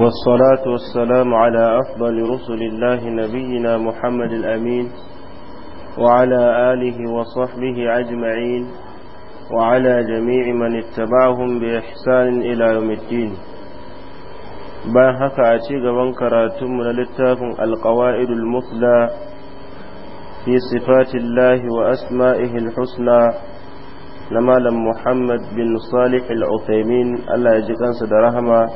والصلاة والسلام على أفضل رسل الله نبينا محمد الأمين وعلى آله وصحبه أجمعين وعلى جميع من اتبعهم بإحسان إلى يوم الدين بان حكا أتيغ وانكراتم للتافن القوائد المثلى في صفات الله وأسمائه الحسنى لما لم محمد بن صالح العثيمين الله يجيكا سدرهما رحمه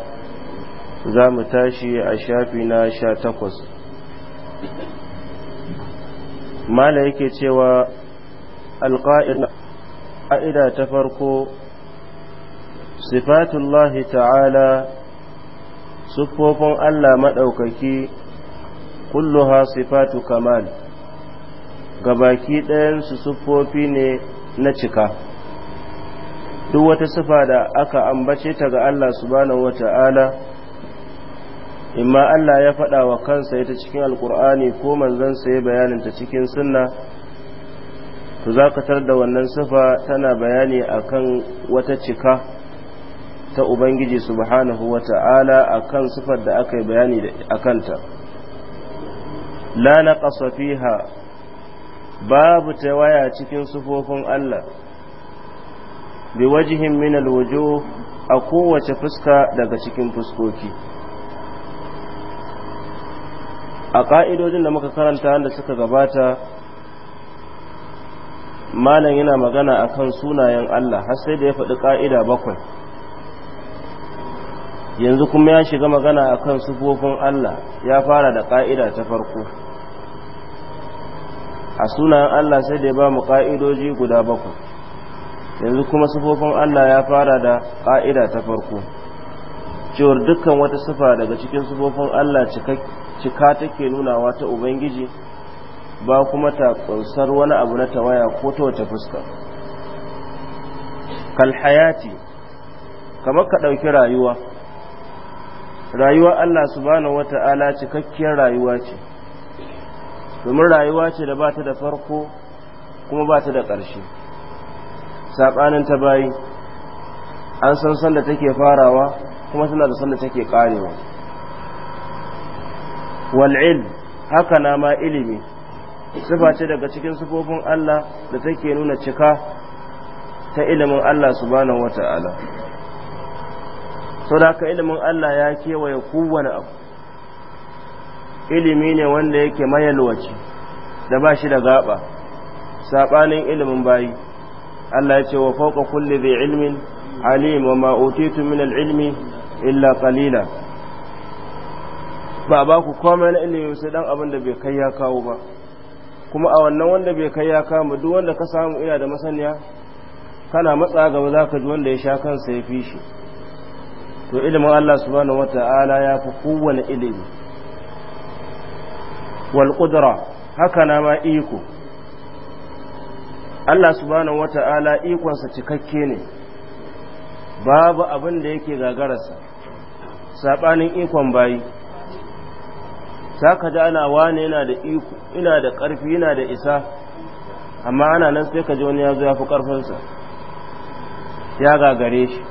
za mu tashi a shafi na sha takwas mala yake cewa alƙa'ida ta farko sifatullahi ta'ala sufofin allah maɗaukaki kulluha sifatu kamal ga gabaki ɗayansu siffofi ne na cika duk wata sifa da aka ambace ta ga allah subhanahu wa ta'ala imma Allah ya faɗa wa kansa ita cikin alkur'ani ko manzansa ya bayaninta cikin sunna to zakatar da wannan sifa tana bayani akan wata cika ta ubangiji subhanahu wa ta'ala akan sifar da aka yi bayani a kanta la na fiha babu ta waya cikin sufofin Allah bi wajihin min alwujuh a kowace fuska daga cikin fuskoki a ƙa'idojin da muka karanta da suka gabata malam yana magana a kan sunayen Allah har sai da ya faɗi ƙa'ida bakwai yanzu kuma ya shiga magana a kan sufofin Allah ya fara da ƙa'ida ta farko a sunayen Allah sai da ya ba mu ƙa'idoji guda bakwai yanzu kuma sufofin Allah ya fara da ƙa'ida ta farko cewar dukkan wata sufa daga cikin sufofin Allah cikakke cika take nunawa ta ubangiji ba kuma ta kunsar wani abu na tawaya ko ta wata fuska kalhayati kamar ka ɗauki rayuwa rayuwar Allah subhanahu wata'ala cikakkiyar rayuwa ce domin rayuwa ce da ba ta da farko kuma ba ta da ƙarshe saɓanin ta bayi an san sanda take farawa kuma tana da sanda take ƙarewa wal'il haka na ma ilimi sifa ce daga cikin sifofin Allah da take nuna cika ta ilimin Allah subhanahu wata'ala saboda haka ilimin Allah ya kewaye kowane abu ilimi ne wanda yake mayalwaci da ba shi da gaba saɓanin ilimin bayi Allah ya ce wa fauka kulli zai ilmin alim wa ma utitu min al-ilmi illa qalila ba ba ku na ilimi sai dan abin da bai kai ya kawo ba kuma a wannan wanda bai kai ya kawo duk wanda ka samu ina da masaniya kana matsa gaba za ka ji wanda ya sha kansa ya fi shi to ilimin Allah subhanahu wata'ala ya fi kowane ilimi wal qudra haka na ma iko Allah subhanahu wata'ala ikonsa cikakke ne babu abin da yake gagararsa sabanin ikon bayi za ka ji ana wane yana da iko ina da ƙarfi yana da isa amma ana nan sai ka ji wani ya zo ya fi ƙarfinsa ya gagare shi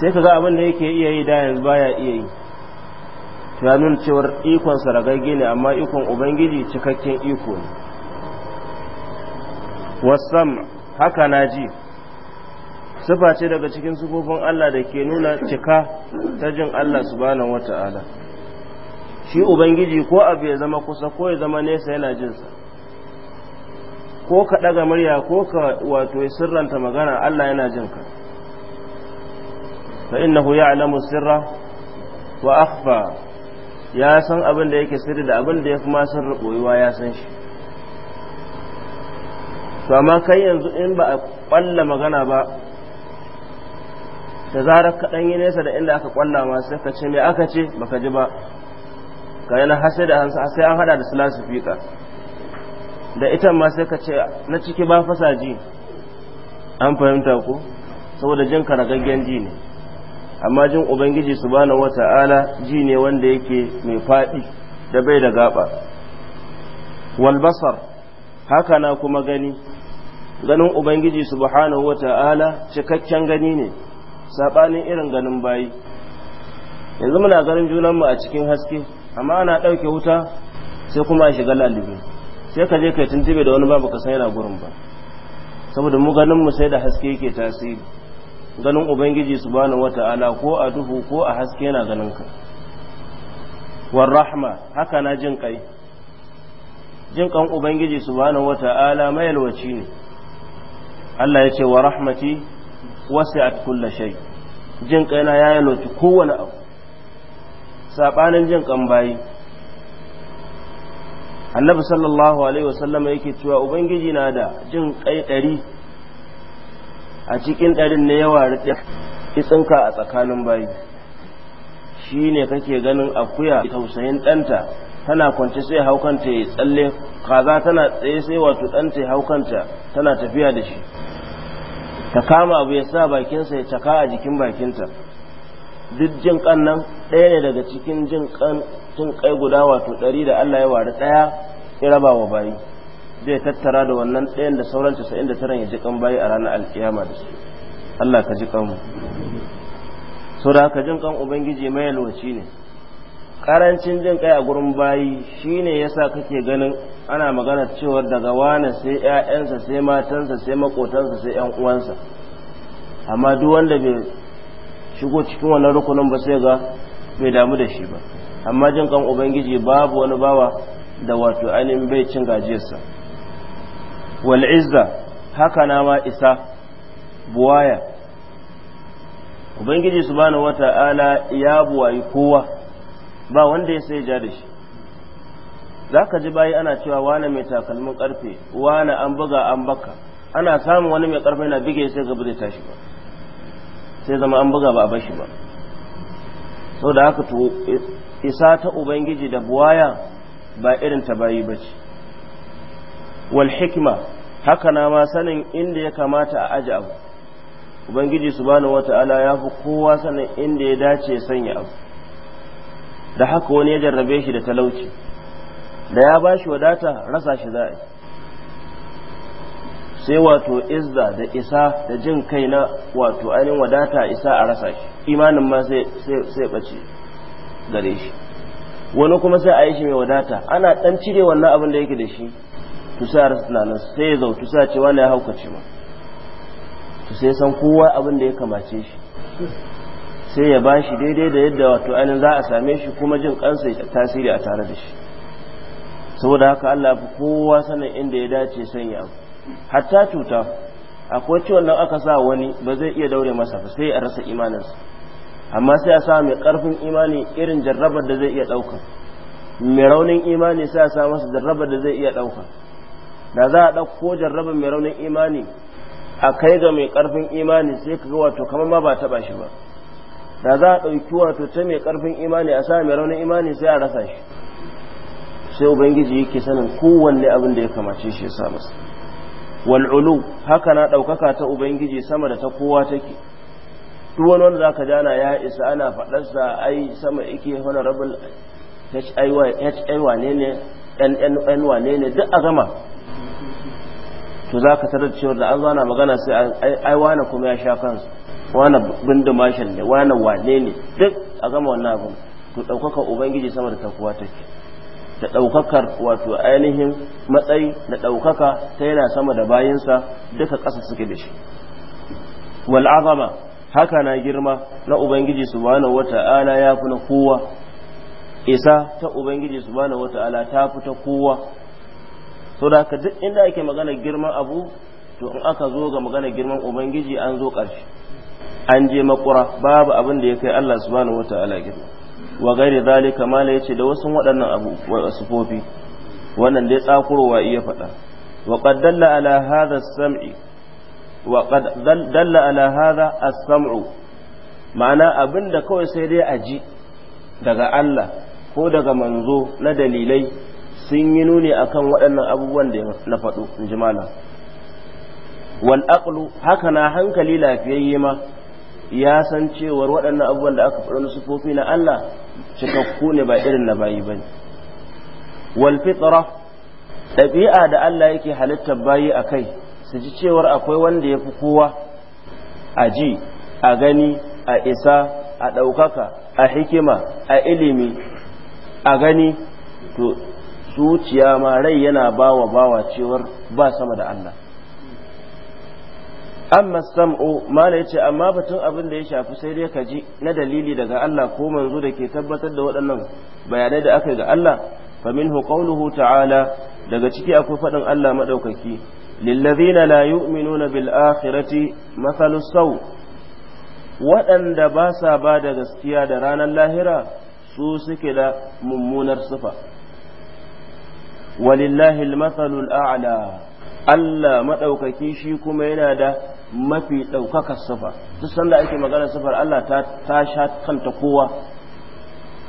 sai ka ga abin da yake iya yi da yanzu baya iya yi ya nuna cewar ikon saragagge ne amma ikon ubangiji cikakken iko ne wasam haka na ji sifa ce daga cikin sufofin allah da ke nuna cika ta jin allah subhanahu wata'ala shi ubangiji ko abu ya zama kusa ko ya zama nesa yana jinsa ko ka ɗaga murya ko ka wato sirranta magana Allah yana jinka fa innahu ya'lamu sirra wa akhfa ya san abin da yake sirri da abin da ya kuma sirri boyuwa ya san shi to amma kai yanzu in ba a kwalla magana ba da zarar ka ɗanyi nesa da inda aka kwalla ma sai ka ce me aka ce baka ji ba ga na hasai da hansa sai an hada da silasifika da ita ma sai ka ce na ciki ba fasaji an fahimta ku saboda jin karagaggen ji ne amma jin ubangiji su subhanahu wata'ala ji ne wanda yake mai faɗi da bai da gaba walbasar haka na kuma gani ganin ubangiji su subhanahu wata'ala cikakken gani ne saɓanin irin ganin bayi yanzu muna ganin junanmu a cikin haske amma ana ɗauke wuta sai kuma a shiga lalube sai ka je kai tuntube da wani babu ka san yana gurin ba saboda mu ganin mu sai da haske yake tasiri ganin ubangiji subhanahu wata'ala ko a duhu ko a haske yana ganin ka war rahma haka na jin kai jin kan ubangiji subhanahu wata'ala mayalwaci ne Allah ya ce warrahmati rahmati wasi'at kulli shay jin na ya yalwaci kowane abu sabanin jin kambayi annabi sallallahu alaihi wasallama yake cewa ubangiji na da jin kai ɗari a cikin ɗarin na yawa rike itsinka a tsakanin bayi shi ne kake ganin akuya tausayin ɗanta tana kwance sai haukanta ya tsalle kaza tana tsaye sai wato ɗanta ya haukanta tana tafiya da shi ta kama abu ya sa bakinsa ya caka a jikin bakinta duk jin ɗaya ne daga cikin jin kai guda wato ɗari da Allah ya wari ɗaya ya raba wa bayi zai tattara da wannan ɗayan da sauran casa'in da tara ya ji kan bayi a ranar alkiyama da su Allah ka ji mu. so da haka jin kan ubangiji mai yalwaci ne ƙarancin jin kai a gurin bayi shine yasa kake ganin ana magana cewa daga wane sai 'ya'yansa sai matansa sai makotansa sai yan uwansa amma duk wanda bai shigo cikin wannan rukunin ba sai ga bai damu da shi ba amma jin kan ubangiji babu wani bawa da wato ainihin bai cin gajiyarsa wal izza haka na ma isa buwaya ubangiji subhanahu wata'ala ya buwayi kowa ba wanda ya sai ja da shi za ka ji bayi ana cewa wane mai takalmin karfe wane an buga an baka ana samun wani mai karfe na bige sai gaba zai tashi ba sai zama an buga ba a bashi ba sau da haka isa ta ubangiji da buwaya ba irin ta bayi ba ce wal hikima haka na ma sanin inda ya kamata a aji abu ubangiji subhanahu wata'ala ya fi kowa sanin inda ya dace ya sanya abu da haka wani ya jarrabe shi da talauci da ya ba shi wadata rasa shi za'a sai wato izza da isa da jin kai na wato ainihin wadata isa a rasa shi imanin ma sai ɓace gare shi wani kuma sai a yi shi mai wadata ana ɗan cire wannan abin da yake da shi tusa a rasa tunanin sai ya zau tusa cewa na ya haukace ma to sai san kowa abin da ya kamace shi sai ya ba shi daidai da yadda wato ainihin za a same shi kuma jin kansa ya tasiri a tare da shi saboda haka Allah fi kowa sanin inda ya dace sanya abu hatta cuta akwai ciwon nan aka sa wani ba zai iya daure masa ba sai a rasa imaninsa amma sai a sa mai karfin imani irin jarrabar da zai iya dauka mai raunin imani sai a sa masa jarrabar da zai iya ɗauka da za a dauko jarrabar mai raunin imani a kai ga mai karfin imani sai ka ga wato kamar ma ba taba shi ba da za a ɗauki wato ta mai karfin imani a sa mai raunin imani sai a rasa shi sai ubangiji yake sanin kowanne abin da ya kamace shi ya sa masa wal'ulu haka na ɗaukaka ta ubangiji sama da ta kowa take duk wani wanda zaka jana ya isa ana faɗarsa ai sama yake honorable hiy wane ne nnn wane ne duk a gama to za ka tarar cewa da an zana magana sai ai wane kuma ya sha kansu wane bindin mashin ne wane wane ne duk a gama wannan abin to ɗaukaka ubangiji sama da ta kowa take da ɗaukakar wato ainihin matsayi da ɗaukaka ta yana sama da bayansa duka ƙasa suke da shi wal azama haka na girma na ubangiji subhanahu wata'ala ya fi na kowa isa ta ubangiji subhanahu wata'ala ta fi ta kowa to da ka duk inda ake magana girman abu to in aka zo ga magana girman ubangiji an zo ƙarshe an je makura babu abin da ya kai Allah subhanahu wata'ala girma wa gairi kamala ya yace da wasu waɗannan abu sufofi wannan dai tsakurowa iya faɗa wa ala sami samu ma'ana abinda kawai sai dai a ji daga Allah ko daga manzo na dalilai sun yi nuni akan waɗannan abubuwan da na faɗo in ji malam wal aqlu haka na hankali lafiyayye ma ya san cewar waɗannan abubuwan da aka faɗo na sufofi na Allah cikakku ne ba irin na bayi ne wal fitra ɗabi'a da Allah yake halittar bayi a kai su ji cewar akwai wanda ya fi kowa a ji a gani a isa a ɗaukaka a hikima a ilimi a gani to zuciya ma rai yana bawa bawa cewar ba sama da Allah amma sam'u mala yace amma batun abin da ya shafi sai dai ka ji na dalili daga Allah ko manzo da ke tabbatar da waɗannan bayanai da aka yi ga Allah fa minhu qawluhu ta'ala daga ciki akwai faɗin Allah madaukaki lillazina la yu'minuna bil akhirati mathalu saw waɗanda ba sa ba da gaskiya da ranar lahira su suke da mummunar sifa walillahi al-mathalu al-a'la Allah maɗaukaki shi kuma yana da mafi ɗaukakar sifa duk sanda ake magana sifar Allah ta sha kanta kowa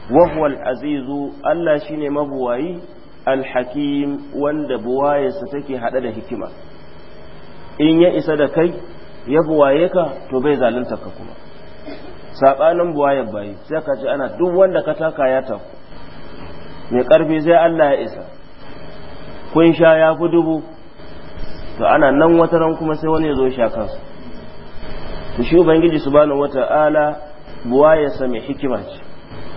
wa azizu Allah shine mabuwayi alhakim wanda buwayarsa take hada da hikima in ya isa da kai ya buwaye ka to bai zalunta ka kuma sabanin buwayar bayi sai ka ce ana duk wanda ka taka ya taku mai karfi zai Allah ya isa kun sha ya fi dubu to ana nan wata ran kuma sai wani ya zo sha kansu to shi ubangiji subhanahu wata'ala buwa ya mai hikima ce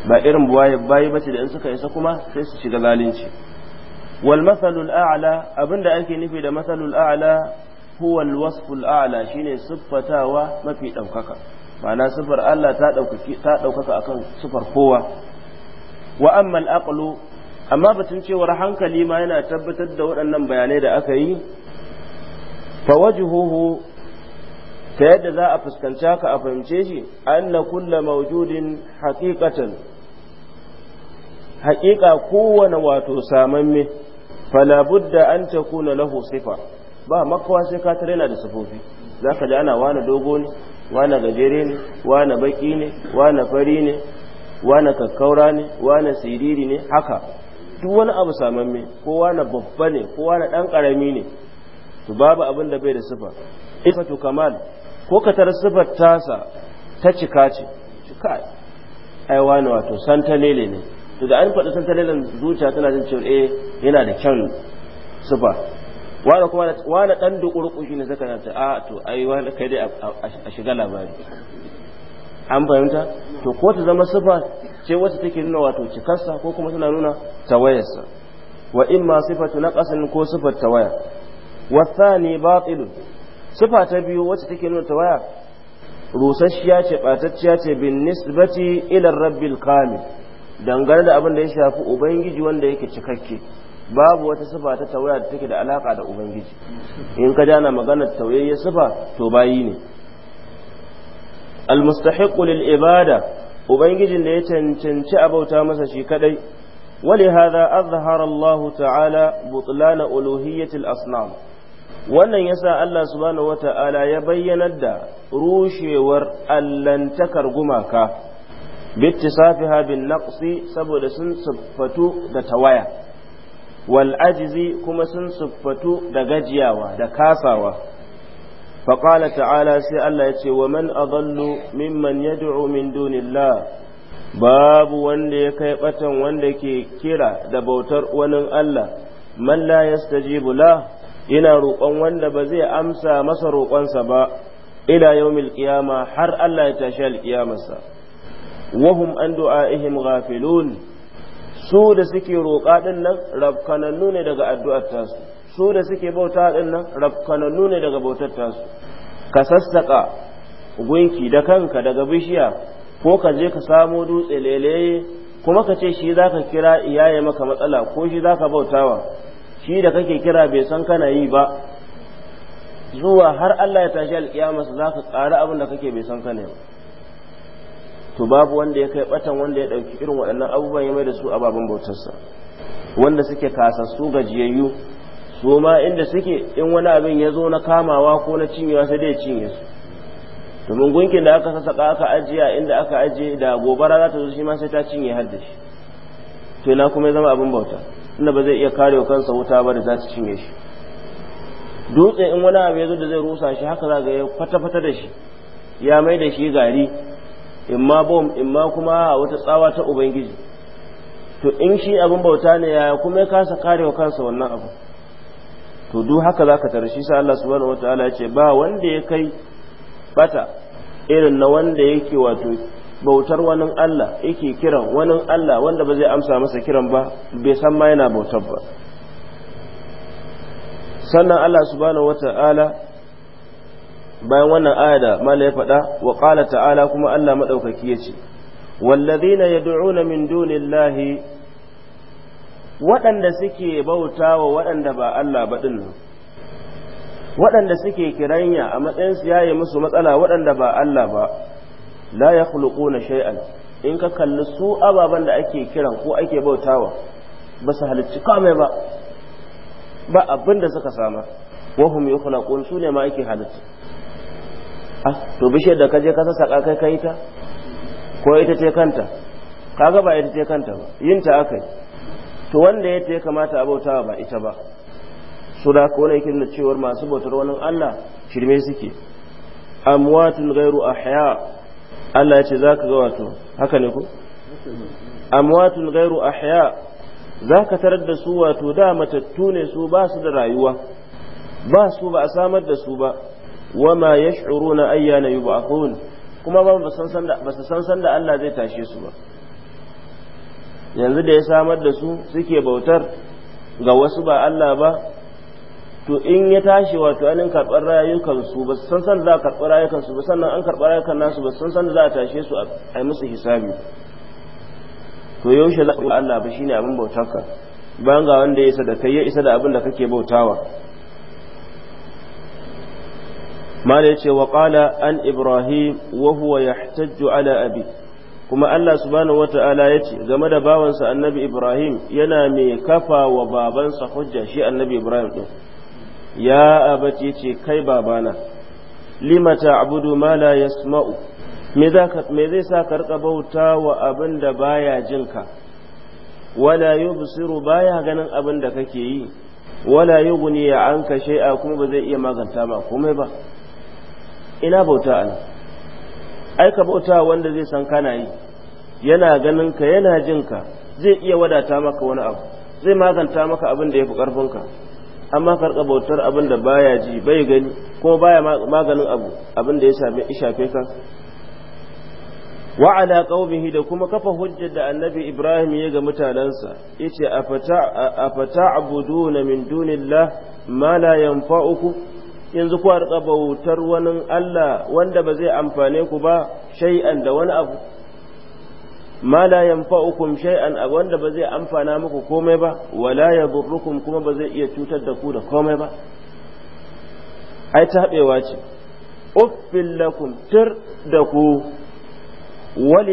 ba irin buwaye bayi bace da in suka isa kuma sai su shiga zalunci wal mathalul a'la abinda ake nufi da masalul a'la huwa al wasful a'la shine siffatawa mafi daukaka ma'ana siffar Allah ta daukaki ta daukaka akan sifar kowa wa amma al aqlu amma batun cewar hankali ma yana tabbatar da waɗannan bayanai da aka yi fa wajhuhu ta yadda za a fuskanci haka a fahimce shi anna kulla mawjudin haqiqatan haqiqa kowane wato fa fala budda an takuna lahu sifa ba makawa sai ka tare na da sifofi zaka ji ana wani dogo ne wani gajere ne wani baki ne wani fari ne wani kakkaura ne wani siriri ne haka duk wani abu samamme ko na babba ne ko na dan karami ne to babu abin da bai da sifa ifatu kamal ko ka tar sifar tasa ta cika ce cika ai wani wato santalele ne to da an faɗi santalelen zuciya tana jin cewa eh yana da kyan sifa wani kuma wani dan shi ne zaka ta a ah, to ai wani kai dai a shiga labari an fahimta to ko ta zama sifa ce wacce take nuna wato cikarsa ko kuma tana nuna tawayarsa wa imma sifatu naqasin ko sifar tawaya wasani batilun sifa ta biyu wacce take nuna tawaya rusasshiya ce batacciya ce bin nisbati ila rabbil kamil dangane da abin da ya shafi ubangiji wanda yake cikakke babu wata sifa ta tawaya da take da alaka da ubangiji in ka jana maganar tauyayya sifa to bayi ne almustahiqu lil ibada ubangijin da ya cancanci abauta masa shi kadai ولهذا أظهر الله تعالى بطلان ألوهية الأصنام wannan yasa Allah subhanahu wata'ala ya bayyanar da rushewar allantakar gumaka bittisafi bin naqsi saboda sun siffatu da tawaya wal ajizi kuma sun siffatu da gajiyawa da kasawa faƙala ta'ala sai Allah ya ce wa man adallu mimman yad'u min dunillah babu wanda ya kai batan wanda ke kira da bautar wani Allah man la yastajibu la yana roƙon wanda ba zai amsa masa roƙonsa ba ila yaumil qiyama har Allah ya tashi alƙiyamarsa wahum an du'a'ihim ghafilun su da suke roƙa din nan rabkanannu ne daga addu'ar tasu su da suke bauta din nan rabkanannu ne daga bautar tasu ka sassaka gunki da kanka daga bishiya ko ka je ka samo dutse lele, kuma ka ce shi zaka kira iyaye maka matsala ko shi zaka bautawa shi da kake kira bai san kana yi ba zuwa har Allah ya tashi alƙiyama su za ka tsara abin da kake bai san kana yi ba to babu wanda ya kai batan wanda ya ɗauki irin waɗannan abubuwan ya mai da su ababen bautarsa wanda suke kasassu gajiyayyu su ma inda suke in wani abin ya zo na kamawa ko na cinyewa sai dai cinye su To mun gunkin da aka sassaka aka ajiye a inda aka ajiye da gobara za ta zo shi ma sai ta cinye har da shi to ina kuma ya zama abin bauta inda ba zai iya kare kansa wuta ba da za ta cinye shi dutse in wani abu ya zo da zai rusa shi haka za ga ya fata-fata da shi ya mai da shi gari in ma bom in ma kuma a wata tsawa ta ubangiji to in shi abin bauta ne ya kuma ya kasa karewa kansa wannan abu to duk haka za ka tare shi sa Allah subhanahu wataala ya ce ba wanda ya kai bata irin na wanda yake wato bautar wani Allah yake kiran wani Allah wanda ba zai amsa masa kiran ba bai san ma yana bautar ba sannan Allah subhanahu wata'ala bayan wannan aya da mala ya faɗa wa qala ta'ala kuma Allah madaukaki yace wallazina yad'una min dunillahi waɗanda suke bautawa waɗanda ba Allah ba din waɗanda suke kiranya a matsayin su yayi musu matsala waɗanda ba Allah ba la yakhluquna shay'an in ka kalli su ababen da ake kiran ko ake bautawa ba su halicci kame ba ba abin da suka sama wahum yukhlaqun su ne ma ake halicci. Ah, to bishiyar da kaje ka sassaka kai kai ta ko ita ce kanta kaga ba ita ce kanta ba yin ta akai to wanda ya ya kamata a bautawa ba ita ba su da ko ne kin cewar masu bautar wani Allah shirme suke amwatun ghairu ahya Allah ya ce za ka ga wato haka ne ku amwatun gairu ahya za ka tarar da su wato da matattu ne su ba su da rayuwa ba su ba a samar da su ba wama yash'uruna ayyana yub'athun kuma ba su san san da Allah zai tashe su ba yanzu da ya samar da su suke bautar ga wasu ba Allah ba to in ya tashi wato ainihin karɓar rayukan su ba san san za a karɓar rayukan su ba sannan an karɓar rayukan nasu ba san san za a tashe su a yi musu hisabi to yaushe za a Allah ba shine abin bautarka bayan ga wanda ya isa da kai ya isa da abin da kake bautawa mala yace wa qala an ibrahim wa huwa yahtajju ala abi kuma Allah subhanahu wata'ala ce game da bawansa annabi ibrahim yana mai kafa wa babansa hujja shi annabi ibrahim din ya abace ce kai babana lima abudu ma la yasma'u me zai sa ka rika bauta wa abin da baya jinka wala busiru baya ganin abin da kake yi wala yughni anka shay'a kuma ba zai iya maganta ba komai ba ina bauta ana ai ka bauta wanda zai san kana yi yana ganin ka yana jinka zai iya wadata maka wani abu zai maganta maka abin da ya fi ƙarfinka amma karka bautar abin da baya ji bai gani ko baya maganin abu abin da ya shafe ka wa ala qaumihi da kuma kafa hujjar da annabi ibrahim ya ga mutanansa yace afata afata'buduna min dunillah ma la yanfa'uku yanzu ku rika bautar wani Allah wanda ba zai amfane ku ba shay'an da wani abu ma la yanfa'ukum shay'an wanda ba zai amfana muku komai ba wala yadurrukum kuma ba zai iya cutar da ku da komai ba ai tabewa ce uffil lakum tir da ku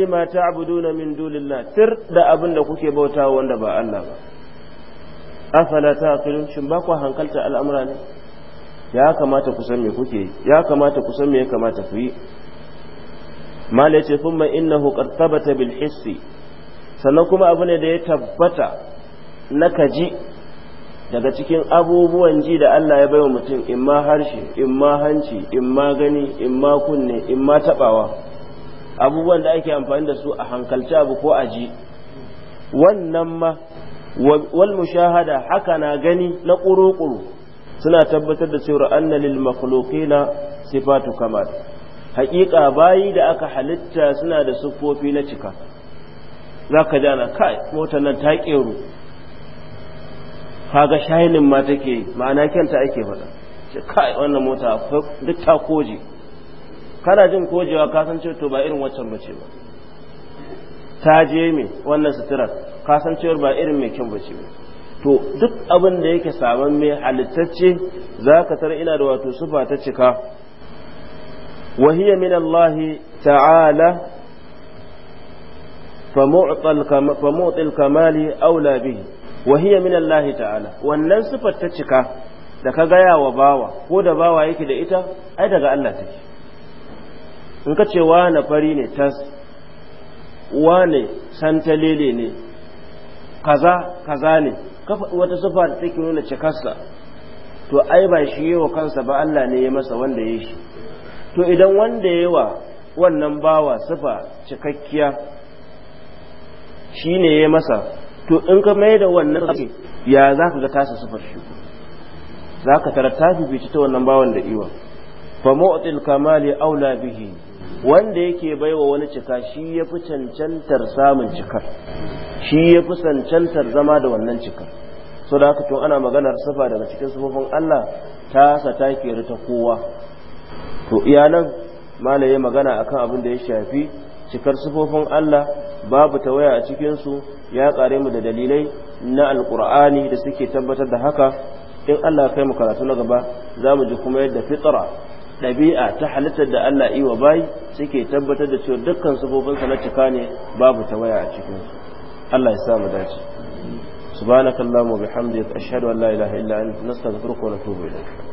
ma ta'buduna min dunillah tir da abin da kuke bauta wanda ba Allah ba afala taqilun shin ba ku hankalta al'amura ne ya kamata ku san me kuke ya kamata ku san me ya kamata ku yi mala yace thumma innahu qad thabata bil hissi sannan kuma abu ne da ya tabbata na kaji daga cikin abubuwan ji da Allah ya baiwa mutum in ma harshe in ma hanci in ma gani in ma kunne in ma tabawa abubuwan da ake amfani da su a hankalci abu ko a ji wannan ma wal mushahada haka na gani na ƙuruƙuru suna tabbatar da cewa anna lil makhluqina sifatu kamal haƙiƙa bayi da aka halitta suna da siffofi na cika za ka jana kai motar nan ta ƙeru kaga shahinin ma take ma'ana kyanta ake faɗa kai wannan mota duk ta koje kana jin kojewa ka san to ba irin waccan bace ba ta je me wannan sutura ka san ba irin mai kyau bace ba to duk abin da yake saman mai halittacce za ka tara ina da wato sufa ta cika وهي من الله تعالى فمعطي الكمال أولى به وهي من الله تعالى wannan sifar ta cika da ka gaya wa bawa ko da bawa yake da ita ai daga Allah take in ka ce wane fari ne tas wane santalele ne kaza kaza ne ka faɗi wata sifa da take nuna cikarsa to ai ba shi yi wa kansa ba Allah ne ya masa wanda ya shi to idan wanda ya wa wannan bawa sifa cikakkiya shi ne ya masa to in ka mai da wannan ake ya za ka ga tasa sufar shi za ka tara ta fifici ta wannan bawan da iwa fa mu'til kamali aula bihi wanda yake baiwa wani cika shi ya fi cancantar samun cikar shi ya fi cancantar zama da wannan cikar so da haka to ana maganar sifa daga cikin sifofin Allah ta sa ta kowa to iyalan malaye magana akan abin da ya shafi cikar sufofin Allah babu ta waya a cikin su ya kare mu da dalilai na alkur'ani da suke tabbatar da haka in Allah kai mu karatu na gaba zamu ji kuma yadda fitra ɗabi'a ta halittar da Allah yi wa bai suke tabbatar da cewa dukkan sufofinsa na cika ne babu tawaya a cikinsu Allah ya sa mu dace subhanakallahumma wa bihamdika ashhadu an la ilaha illa anta nastaghfiruka wa natubu ilayk